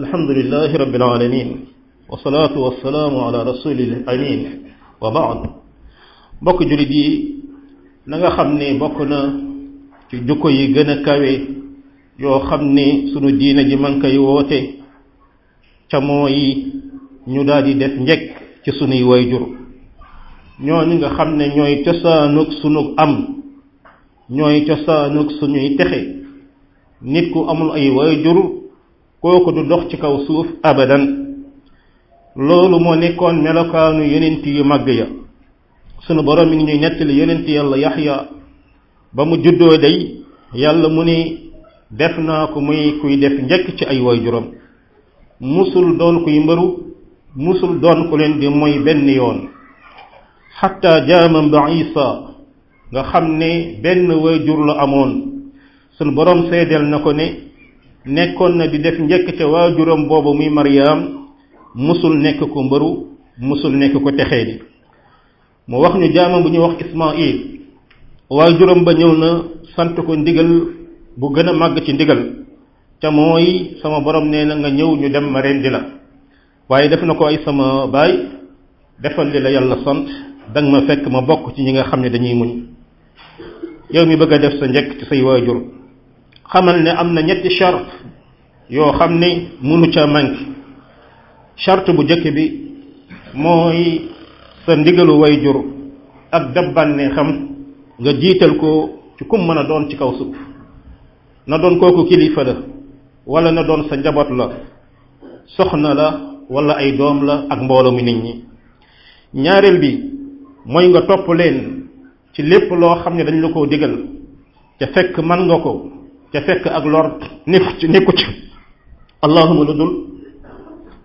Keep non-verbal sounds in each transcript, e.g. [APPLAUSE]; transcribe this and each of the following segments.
alhamdulilahi rabbil alamin wasalaatu wasalaamu ala rasulil amin wa baad mbokk jullit yi na nga xam ne bokk na ci jukko yi gën a kawe yoo xam ne sunu diina ji man koy woote camoo yi ñu daal di def njekk ci sunuy wayjur ñooñu nga xam ne ñooy cosaanug sunu am ñooy cosaanug suñuy texe nit ku amul ay wayjur kooku du dox ci kaw suuf abadan loolu moo nekkoon melokaanu yonent yu màgg ya sunu borom mi ngi ñuy nettali yonent yàlla yaxya ba mu juddoo day yàlla mu ni def naa ko muy kuy def njëkk ci ay waajuram musul doon kuy mbëru musul doon ku leen di mooy benn yoon xatta jaamam ba isa nga xam ne benn waajur la amoon sunu borom seedeel na ko ne nekkoon na di def njëkk ca waajuram boobu muy Maryam mosul nekk ko mbëru musul nekk ko texee di mu wax ñu jaamam bu ñuy wax Ismail waajuram ba ñëw na sant ko ndigal bu gën a màgg ci ndigal ca mooy sama borom nee na nga ñëw ñu dem ma rendi la waaye def na ko ay sama baay defal li la yàlla sant danga ma fekk ma bokk ci ñi nga xam ne dañuy muñ yow mi bëgg a def sa njëkk ci say waajur xamal ne am na ñetti charte yoo xam ne munu ca manqué charte bu jëkk bi mooy sa ndigalu jur ak dabbanne xam nga jiital ko ci kum mën a doon ci kaw suuf na doon kooku kilifa la walla na doon sa njaboot la soxna la wala ay doom la ak mbooloo mi nit ñi ñaareel bi mooy nga topp leen ci lépp loo xam ne dañ la ko digal te fekk man nga ko ca fekk ak lor nekku ci nekku ci allahuma lu dul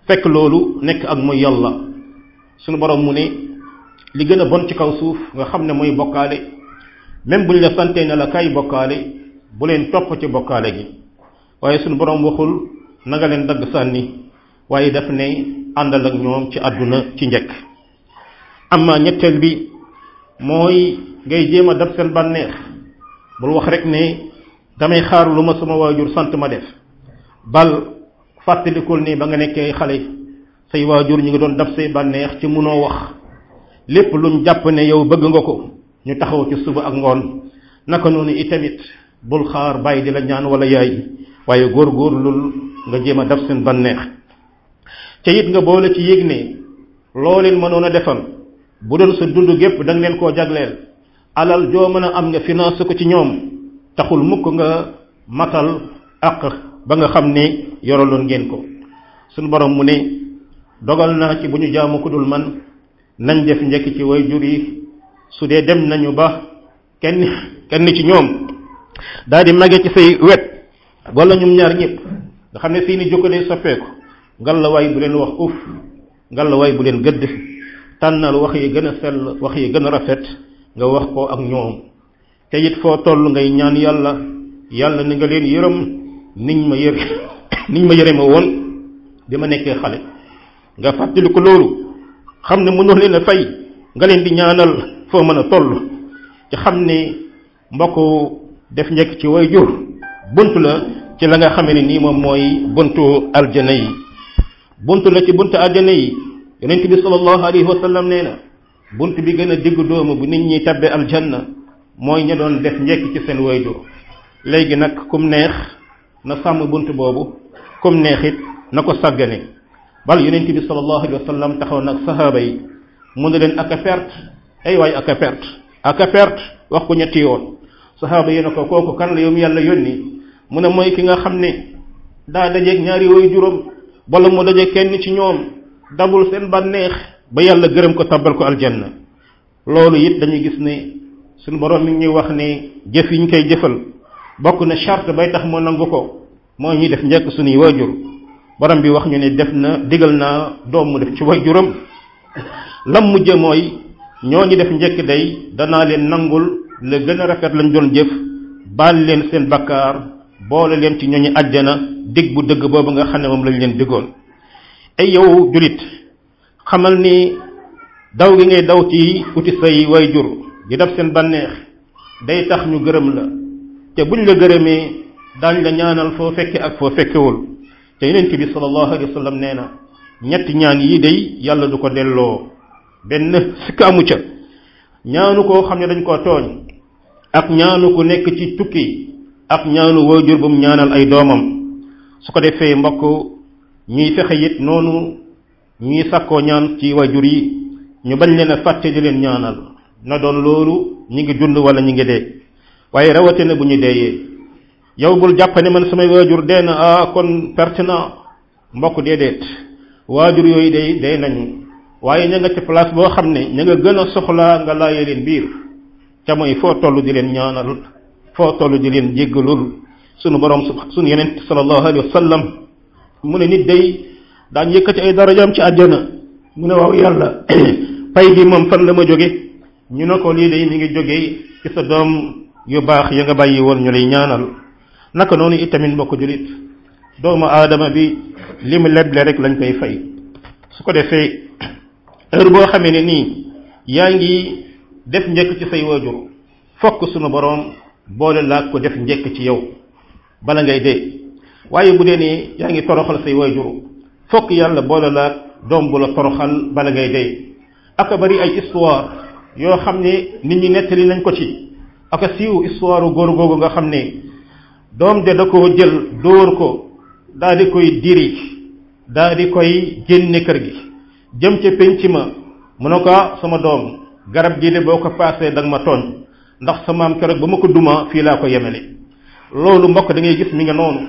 fekk loolu nekk ak mooy yàlla sunu borom mu ne li gën a bon ci kaw suuf nga xam ne muy bokkaale même bu ñu la sante ne la kay bokkaale bu leen topp ci bokkaale gi waaye suñu borom waxul na leen dagg sànni waaye daf ne àndal ak ñoom ci àdduna ci njëkk amma ñetteel bi mooy ngay jéem a dab seen bànneex bul wax rek ne damay xaar lu ma sama waajur sant ma def bal fàttalikul nii ba nga nekkee xale say waajur ñu ngi doon daf say bànneex ci munoo wax lépp luñ jàpp ne yow bëgg nga ko ñu taxaw ci suba ak ngoon naka noonu itamit bul xaar bàyyi di la ñaan wala yaay waaye góor góor góorgóorlul nga jéem a daf seen bànneex te it nga boole ci yëg ne loo leen mënoon a defal bu doon sa dund gépp danga nga leen koo jagleel alal joo mën a am nga financé ko ci ñoom taxul mukk nga matal àq ba nga xam ni yoraloon ngeen ko suñu borom mu ne dogal naa ci bu ñu jaamu ku dul man nañ def njëkk ci way jur yi su dee dem nañu ba kenn kenn ci ñoom daal di ci say wet wala ñum ñaar ñëpp nga xam ne seeni jukko day la ngalawaay bu leen wax uf ngalawaay bu leen gëdd tànnal wax yi gën a sell wax yi gën a rafet nga wax ko ak ñoom te it foo toll ngay ñaan yàlla yàlla ni nga leen yërëm niñ ma yër [COUGHS] niñ ma yërëme woon bi ma nekkee xale nga fàttali ko loolu xam ne mënoo leen a fay nga leen di ñaanal foo mën a toll ci xam ne mbokk def njëkk ci way jur bunt la ci la nga xamee ne nii moom mooy buntu aljana yi bunt la ci buntu aljana yi yonent bi sallallahu alayhi wa nee na bunt bi gën a digg doomu bu nit ñi tabbe aljanna mooy ña doon def njekk ci seen way wayjur léegi nag kum neex na sàmm bunt boobu kum neex it na ko sàggane bal yonent bi sallallahu alayhi wa sallam taxaw nag sahaaba yi mu ne leen ak a perte ay waay ak a perte ak a perte wax ko ñetti yoon sahaaba yi na ko kooku kan la yow yàlla nii mu ne mooy ki nga xam ne daa dajeeg ñaari way juróom wala mu daje kenn ci ñoom dabul seen bànneex ba yàlla gërëm ko tabbal ko aljanna loolu it dañuy gis ne suñu borom mi ngi ñuy wax ni jëf yi ñu koy jëfal bokk na charte bay tax mu nangu ko moo ñuy def njëkk suñuy waajur borom bi wax ñu ne def na digal naa doom mu def ci waajuram lam mujje mooy ñoo ñu def njëkk day danaa leen nangul la gën a rafet lañ doon jëf baal leen seen bakkaar boole leen ci ñooñu àjjana dig bu dëgg boobu nga xam ne moom lañ leen diggoon ay yow julit xamal ni daw gi ngay daw ci uti say waajur di def seen bànneex day tax ñu gërëm la te buñ la gërëmee daañ la ñaanal foo fekke ak foo fekkewul te yonent bi sallallahu alayhi nee na ñetti ñaan yi day yàlla du ko delloo benn sikk amu ca ñaanu koo xam ne dañ ko tooñ ak ñaanu ku nekk ci tukki ak ñaanu waajur bu ñaanal ay doomam su ko defee mbokk ñuy fexe yit noonu ñuy sakkoo ñaan ci waajur yi ñu bañ leen a fàtte di leen ñaanal na doon loolu ñi ngi jund wala ñi ngi dee waaye rawatina ñu deeyee yow bul jàpp ne man samay waajur dee na a ah, kon perte mbokk mbokk déedéet waajur yooyu day dee nañu waaye ña nga ci place boo xam ne ña nga gën a soxlaa nga laajee leen biir ca mooy foo toll di leen ñaanal foo toll di leen jéggalul sunu borom sunu yeneen sallallahu alayhi wa sallam mu ne nit day daan yëkkati ay darajaam ci àjjana mun a waaw yàlla [CLEARS THROAT] pay gi moom fan la ma jóge ñu ne ko lii de mi ngi jógee ci sa doom yu baax ya nga bàyyi woon ñu lay ñaanal naka noonu itamit ko jullit doomu aadama bi li mu leble rek lañ koy fay su ko defee heure boo xamee ne nii yaa ngi def njëkk ci say waajur fokk sunu boroom boole laa ko def njëkk ci yow bala ngay dee waaye bu dee yaa ngi toroxal say waajur fokk yàlla boole laa doom bu la toroxal bala ngay dee aka bari ay histoire yoo xam ne nit ñi nettali nañ ko ci aka siiw histoire góor googu nga xam ne doom de da ko jël dóor ko daal di koy diri daal di koy génne kër gi jëm ca penc ma mu ne ko ah, sama doom garab gi de boo ko paasee da ma tooñ ndax sa maam keroog ba ma ko duma fii laa ko yemale loolu mbokk dangay ngay gis mi nga noonu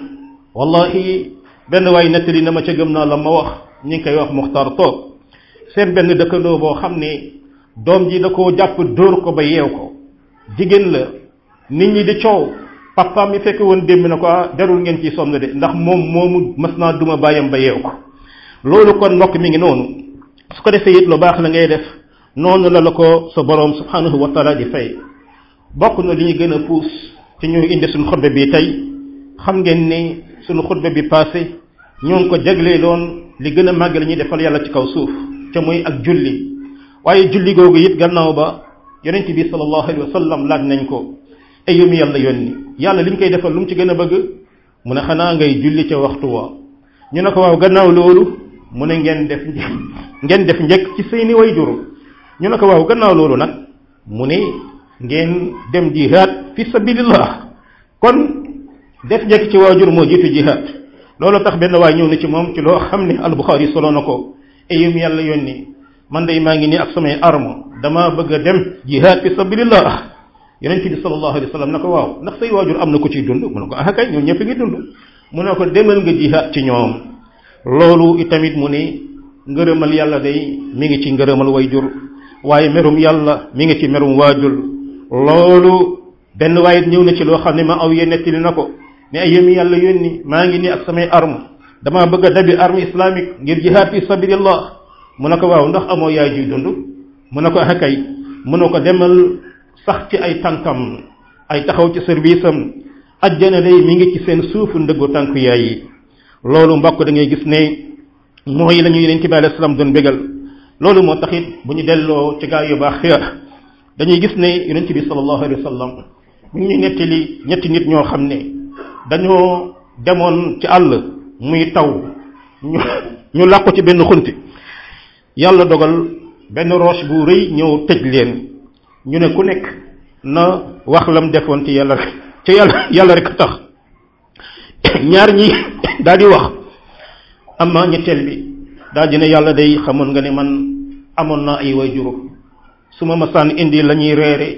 wallahi benn waay nettali na ma ca gëm naa la ma wax ñu ngi koy wax muxtaar toog seen benn dëkkandoo boo xam ne doom ji da koo jàpp dóor ko ba yeew ko jigéen la nit ñi di coow papa mi fekk woon démb na ko ah jarul ngeen ciy na de ndax moom moomu mas naa duma bàyyam ba yeew ko loolu kon mbokk mi ngi noonu su ko defee yit lu baax la ngay def noonu la la ko sa boroom subhanahu wa taala di fay bokk na li ñu gën a puus ci ñu indi suñu xutba bi tey xam ngeen ni suñu xutba bi passé ñoo ngi ko jaglee doon li gën a màgg la ñuy defal yàlla ci kaw suuf ca muy ak julli waaye julli googu it gannaaw ba yonent bi sallallahu alayhi wa sallam laaj nañ ko ay yum yàlla yónni yàlla li mu koy defal lu mu ci gën a bëgg mu ne xanaa ngay julli ca waxtu wa ñu ne ko waaw gannaaw loolu mu ne ngeen def ngeen def njëkk ci seeni way juru ñu ne ko waaw gannaaw loolu nag mu ne ngeen dem jihaad fi sabilillah kon def njëkk ci waajur moo jiitu jihaad loolu tax benn waay ñëw na ci moom ci loo xam ne albuxaari solo na ko ayum yàlla yónni man dey maa ngi nii ak samay arme damaa bëgg dem jihaad fi sabilillah yonent bi sallallahu alayhi wa sallam na ko waaw ndax say waajur am na ko ciy dund mu ne ko ah kay ñoom ñëpp ngi dund mu ne ko demal nga jihaad ci ñoom loolu itamit mu ni ngërëmal yàlla day mi ngi ci ngërëmal wayjur waaye merum yàlla mi ngi ci merum waajur loolu benn waaye ñëw na ci loo xam ne ma aw yee nettali na ko ne ay yémi yàlla yónni maa ngi nii ak samay arme damaa bëgg a dabi arme islamique ngir jihaad fi sabilillah mu ne ko waaw ndax amoo yaay juy dund mu ne ko akay mu ne ko demal sax ci ay tànkam ay taxaw ci service am ajjana day mi ngi ci seen suufu ndëggu tànku yaay yi loolu mbokk da gis ne mooy la ñu yeneen ci bi alayhi salaam doon moo tax it bu ñu delloo ci gaa yu baax dañuy gis ne yonent bi sallallahu alayhi wa sallam mu ngi nettali ñetti nit ñoo xam ne dañoo demoon ci àll muy taw ñu ñu làqu ci benn xunti yàlla dogal benn roche bu rëy ñëw tëj leen ñu ne ku nekk na wax lam defoon ci yàlla rek ci yàlla yàlla rek a tax ñaar ñi daal di wax amma ñetteel bi daal di ne yàlla dey xamoon nga ne man amoon naa ay waajur su ma masaan indi la ñuy reere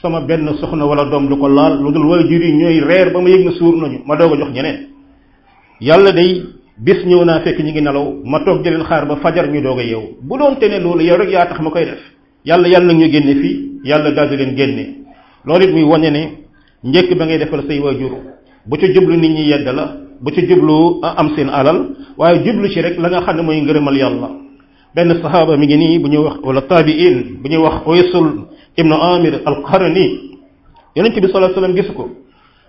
sama benn soxna wala doom du ko laal lu dul waajur yi ñooy reer ba ma yëg na suur nañu ma doog a jox ñeneen yàlla day bis ñëw naa fekk ñi ngi nelaw ma toog di xaar ba fajar ñu doog a yeewu bu te ne loolu yow rek yaa tax ma koy def yàlla yàlla nag ñu génne fii yàlla daal di leen génne loolu muy wane ne njëkk ba ngay defal say waajur bu ci jublu nit ñi yedd la bu ci jublu am seen alal waaye jublu ci rek la nga xam ne mooy ngërëmal yàlla benn saxaaba mi ngi nii bu ñu wax wala taabiin bu ñu wax oysul ibnu amir alqarani yonente bi sallallahu alayhi wasallam gisu ko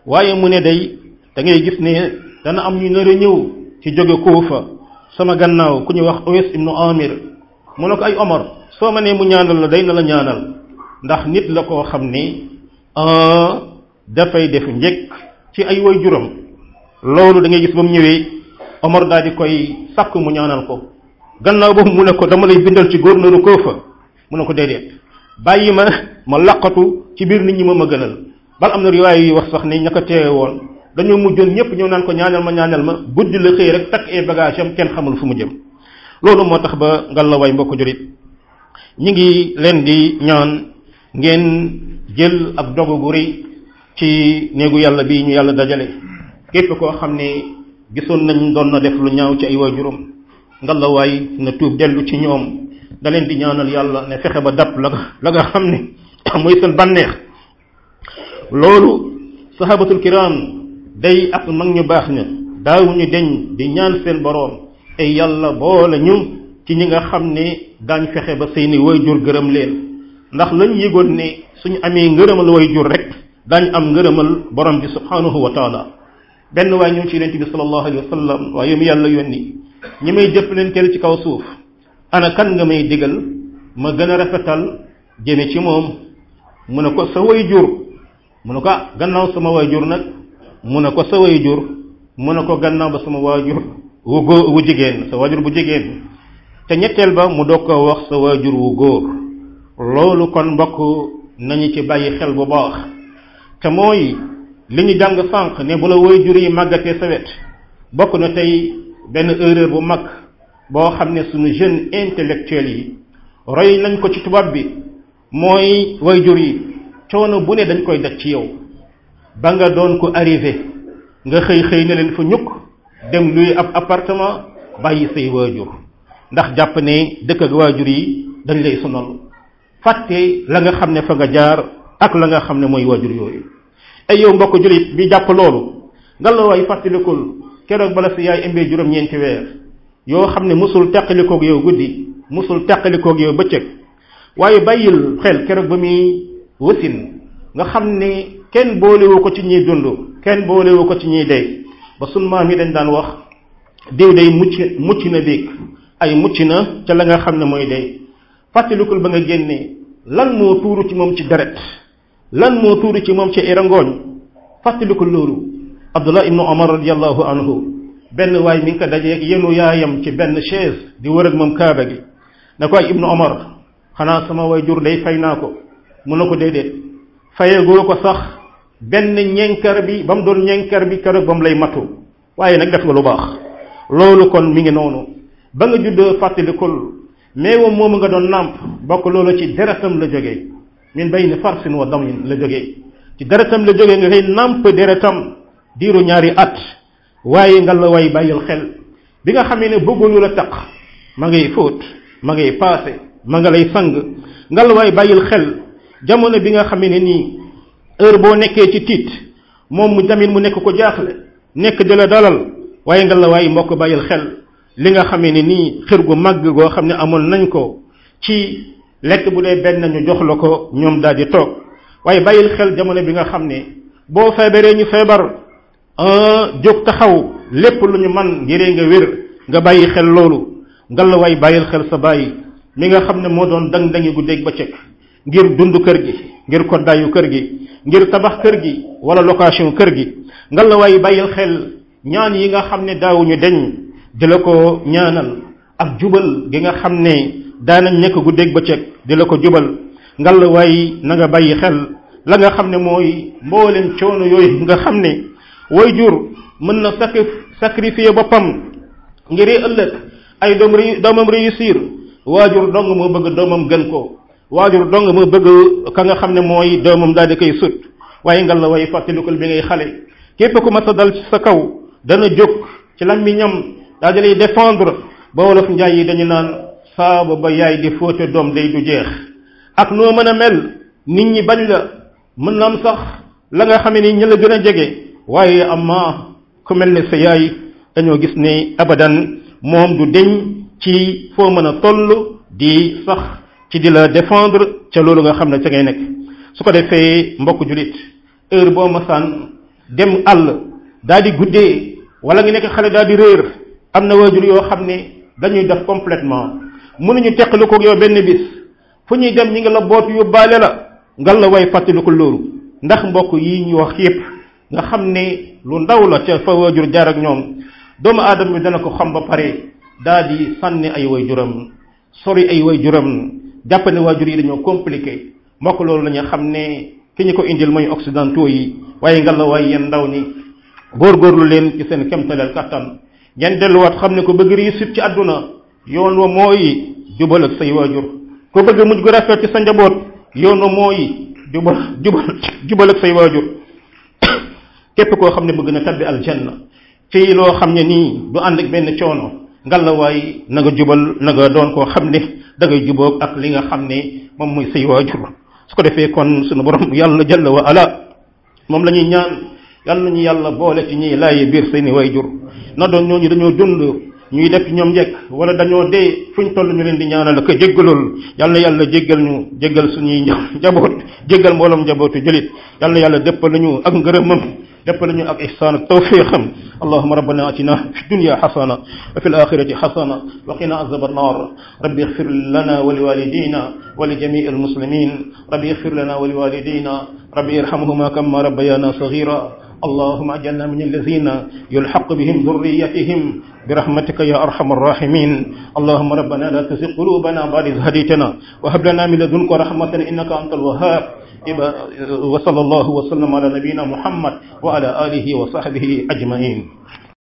waaye mu ne day da ngay gis ne dana am ñu nar a ci jóge Kuufa sama gannaaw ku ñu wax Uwais ibnu Amir mu ne ko ay Omar soo ma nee mu ñaanal la day na la ñaanal ndax nit la ko xam ni ah, dafay def njëkk ci ay way juróom loolu da ngay gis ba mu ñëwee Omar daal di koy sàkk mu ñaanal ko gannaaw boobu mu ne ko dama lay bindal ci góor gouverneur Kuufa mu ne ko déedéet bàyyi ma ma laqatu ci biir nit ñi ma ma gënal bal am na riwaay yi wax sax ni ña ko teewe woon dañoo mujjoon ñëpp ñëw naan ko ñaanal ma ñaanal ma guddi la xëy rek takk ay bagage am kenn xamul fu mu jëm loolu moo tax ba ngal la way mbokk jurit ñu ngi leen di ñaan ngeen jël ab dogu gu rëy ci néegu yàlla bii ñu yàlla dajale képp koo xam ni gisoon nañ doon na def lu ñaaw ci ay waajuram ngal waay na tuub dellu ci ñoom da leen di ñaanal yàlla ne fexe ba dab la la nga xam ne [COUGHS] mooy seen bànneex loolu sahabatul kiram day ak mag ñu baax na daawuñu deñ di ñaan seen boroom te yàlla boole ñu ci ñi nga xam ne daañ fexe ba seeni wayjur gërëm leen ndax lañ yëgoon ne suñu amee ngërëmal wayjur rek daañu am ngërëmal borom bi subhanahu wa taala benn waaye ñëw ci yonent bi sallallahu alayhi wa sallam waaye mu yàlla yoon yónni ñi may leen jëflanteel ci kaw suuf ana kan nga may digal ma gën a rafetal jëme ci moom mu ne ko sa wayjur mu ne ko ah gannaaw sama wayjur nag mu ne ko sa waajur mu ne ko gannaaw ba sama waajur wu góor wu jigéen sa waajur bu jigéen te ñetteel ba mu doog ko wax sa waajur wu góor loolu kon mbokk nañu ci bàyyi xel bu baax te mooy li ñu jàng sànq ne bu la waajur yi màggatee sa wet bokk na tey benn erreur bu mag boo xam ne suñu jeune intellectuels yi roy nañ ko ci tubaab bi mooy waajur yi coono bu ne dañ koy daj ci yow ba nga doon ko arrivé nga xëy xëy na leen fa ñukk dem luy ab appartement bàyyi say waajur ndax jàpp ne dëkk ak waajur yi dañ lay sonal fàtte la nga xam ne fa nga jaar ak la nga xam ne mooy waajur yooyu ay yow mbokk jullit bi jàpp loolu nga la waay fàttalikul keroog bala si yaay ëmbee juróom-ñeenti weer yoo xam ne mosul teqalikoog yow guddi mosul teqalikoog yow bëccëg waaye bàyyil xel keroog ba muy wasin nga xam ni kenn boolewu ko ci ñiy dund kenn boolewoo ko ci ñiy dee ba sunu maam yi dañ daan wax diw day mucc mucc na biig ay mucc na ca la nga xam ne mooy dee fàttalikul ba nga génnee lan moo tuuru ci moom ci deret lan moo tuuru ci moom ci irangooñ fàttalikul loolu abdullah ibnu omar radiallahu anhu benn waay mi ngi ko dajeeg yenu yaayam ci benn chaise di wër moom kaaba gi ne ko ay ibnu omar xanaa sama way jur day fay naa ko mu ne ko déedéet fayegoo ko sax benn ñenkar bi ba mu doon ñenkar bi keroog ba mu lay matu waaye nag def nga lu baax loolu kon mi ngi noonu ba nga juddoo fàttalikul meewam moom nga doon nàmp bokk loolu ci deretam la jóge jógee min bayni farsin wa damin la jógee ci deretam la jógee nga koy nàmp deretam diiru ñaari at waaye nga la way bàyyil xel bi nga xamee ne bëgguñu la taq ma ngay fóot ma ngay paase ma nga lay sang nga la way bàyyil xel jamono bi nga xamee ne nii heure boo nekkee ci tiit moom mu tamit mu nekk ko jaaxle nekk di la dalal waaye nga la waaye mbokk bàyyil xel li nga xamee ne nii xër gu màgg goo xam ne amoon nañ ko ci lekk bu dee benn ñu jox la ko ñoom daal di toog waaye bàyyil xel jamono bi nga xam ne boo feebaree ñu feebar ah, jóg taxaw lépp lu ñu man ngiree nga wér nga bàyyi xel loolu nga la waay bàyyil xel sa bàyyi mi nga xam ne moo doon dang dangi gu dégg ba cëkk ngir dund kër gi ngir koddayu kër gi ngir tabax kër gi wala location kër gi nga la waay bàyyil xel ñaan yi nga xam ne daawuñu deñ di la ko ñaanal ak jubal gi nga xam ne daanañ nekk guddeeg bëccëg di la ko jubal nga na nga bàyyi xel la nga xam ne mooy mbooleem coono yooyu nga xam ne way jur mën na sacri sacrifier boppam ngir ëllëg ay doom doomam réussir waa jur dong moo bëgg doomam gën ko waajur dong moo bëgg ka nga xam ne mooy doomam daal di koy sut waaye ngal la way fàttalikul bi ngay xale képp ku mas a dal ci sa kaw dana jóg ci làmmiñam daal di lay défendre ba wolof njaay yi dañu naan saaba ba yaay di fóote doom day du jeex ak noo mën a mel nit ñi bañ la mën na am sax la nga xam ni ñi la gën a jege waaye amma ku mel ne sa yaay dañoo gis ne abadan moom du deñ ci foo mën a toll di sax ci di la défendre ca loolu nga xam ne ca ngay nekk su ko defee mbokk jullit heure boo masaan dem àll daal di guddee wala ngi nekk xale daal di réer am na waajur yoo xam ne dañuy def completement complètement mënuñu teqalu ko yoo benn bis fu ñuy dem ñi nga la boot yu baale la ngal la way fàttaliku loolu ndax mbokk yi ñu wax yépp nga xam ne lu ndaw la ca fa waajur jaar ak ñoom doomu aadama bi dana ko xam ba pare daa di sànni ay waajuram sori ay waajuram jàpp ne waajur yi dañoo compliqué mbokk loolu lañu xam ne ki ñu ko indil mooy occidentaux yi waaye ngalla waaye yéen ndaw góor góorgóorlu leen ci seen kemtaleel kattan ngeen delluwaat xam ne ko bëgg réussite ci àdduna yoon wa mooy jubal ak say waajur ko bëgg mujj gu rafet ci sa njaboot yoon wa mooy jubal jubal jubal ak say waajur [COUGHS] képp koo xam ne bëgg na tabbi aljanna ci loo xam ne nii du ànd ak benn coono ngalla waay na nga jubal na doon koo xam ne da ngay jubóog ak li nga xam ne moom mooy say waajur su ko defee kon sunu borom yàlla jalla wa ala moom la ñuy ñaan yàlla nañu yàlla boole ci ñiy laaye biir seeni waajur na doon ñooñu dañoo dund ñuy def ñoom njëkk wala dañoo dee fu ñu toll ñu leen di ñaanal ko jéggalool yàlla yàlla jéggal ñu jéggal suñuy [LAUGHS] njaboot jéggal mbooloom njabootu jëlit yàlla yàlla dëppal nañu ak ngërëmam jàppale ñu ak ihsaan ak tawfiqam allahuma rabbana atina fi dunya xasana wa fi alaxirati xasana wa qina azab annar rabbi ixfir lana wa liwalidina wa lijamii almuslimin rabbi ixfir lana wa liwalidina rabbi irhamhuma kama rabbayana sagira اللهم اجعلنا من الذين يلحق بهم ذريتهم برحمتك يا ارحم الراحمين اللهم ربنا لا تزغ قلوبنا بعد إذ هديتنا وهب لنا من لدنك رحمة انك انت الوهاب wa sallallahu wa sallam ala nabiyina muhammad wa ala alihi wa sahbihi ajmain